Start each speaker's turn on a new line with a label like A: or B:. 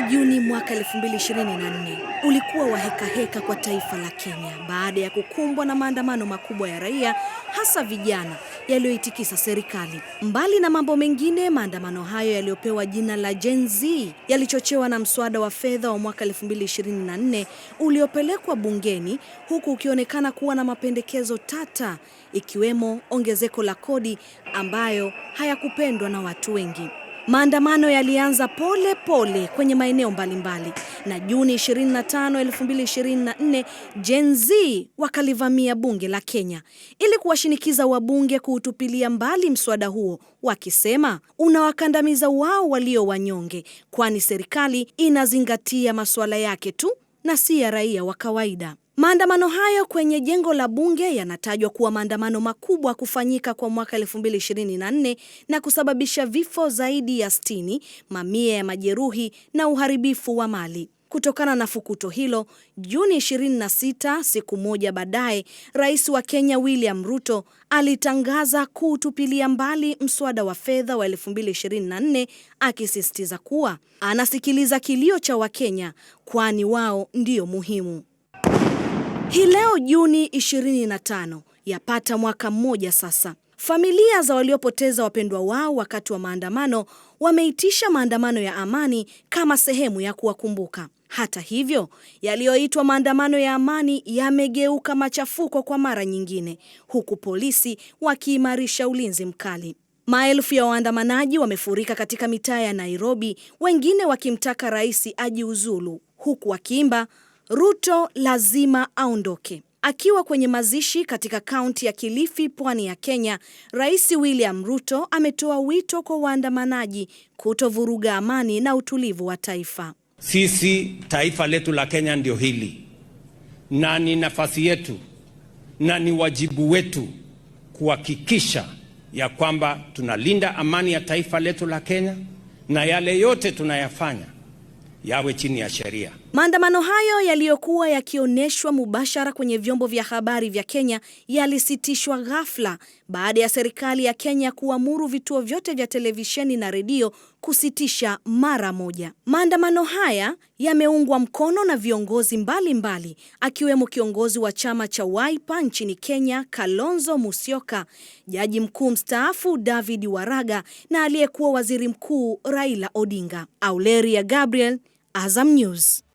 A: Mwezi Juni mwaka 2024 ulikuwa wa hekaheka kwa taifa la Kenya baada ya kukumbwa na maandamano makubwa ya raia hasa vijana yaliyoitikisa serikali. Mbali na mambo mengine, maandamano hayo yaliyopewa jina la Gen Z yalichochewa na mswada wa fedha wa mwaka 2024 uliopelekwa bungeni, huku ukionekana kuwa na mapendekezo tata, ikiwemo ongezeko la kodi ambayo hayakupendwa na watu wengi. Maandamano yalianza pole pole kwenye maeneo mbalimbali na Juni 25, 2024 Gen Z wakalivamia bunge la Kenya ili kuwashinikiza wabunge kuutupilia mbali mswada huo, wakisema unawakandamiza wao walio wanyonge, kwani serikali inazingatia masuala yake tu na si ya raia wa kawaida. Maandamano hayo kwenye jengo la bunge yanatajwa kuwa maandamano makubwa kufanyika kwa mwaka 2024 na kusababisha vifo zaidi ya 60, mamia ya majeruhi na uharibifu wa mali. Kutokana na fukuto hilo, Juni 26, siku moja baadaye, Rais wa Kenya William Ruto alitangaza kuutupilia mbali mswada wa fedha wa 2024 akisisitiza kuwa anasikiliza kilio cha Wakenya kwani wao ndio muhimu. Hii leo Juni 25, yapata mwaka mmoja sasa, familia za waliopoteza wapendwa wao wakati wa maandamano wameitisha maandamano ya amani kama sehemu ya kuwakumbuka. Hata hivyo, yaliyoitwa maandamano ya amani yamegeuka machafuko kwa mara nyingine, huku polisi wakiimarisha ulinzi mkali. Maelfu ya waandamanaji wamefurika katika mitaa ya Nairobi, wengine wakimtaka rais ajiuzulu, huku wakiimba Ruto lazima aondoke. Akiwa kwenye mazishi katika kaunti ya Kilifi, pwani ya Kenya, Rais William Ruto ametoa wito kwa waandamanaji kutovuruga amani na utulivu wa taifa.
B: Sisi taifa letu la Kenya ndio hili, na ni nafasi yetu na ni wajibu wetu kuhakikisha ya kwamba tunalinda amani ya taifa letu la Kenya na yale yote tunayafanya yawe chini ya sheria.
A: Maandamano hayo yaliyokuwa yakionyeshwa mubashara kwenye vyombo vya habari vya Kenya yalisitishwa ghafla baada ya serikali ya Kenya kuamuru vituo vyote vya televisheni na redio kusitisha mara moja. Maandamano haya yameungwa mkono na viongozi mbalimbali akiwemo kiongozi wa chama cha Wiper nchini Kenya, Kalonzo Musyoka, jaji mkuu mstaafu David Waraga na aliyekuwa waziri mkuu Raila Odinga. Auleria Gabriel Azam News.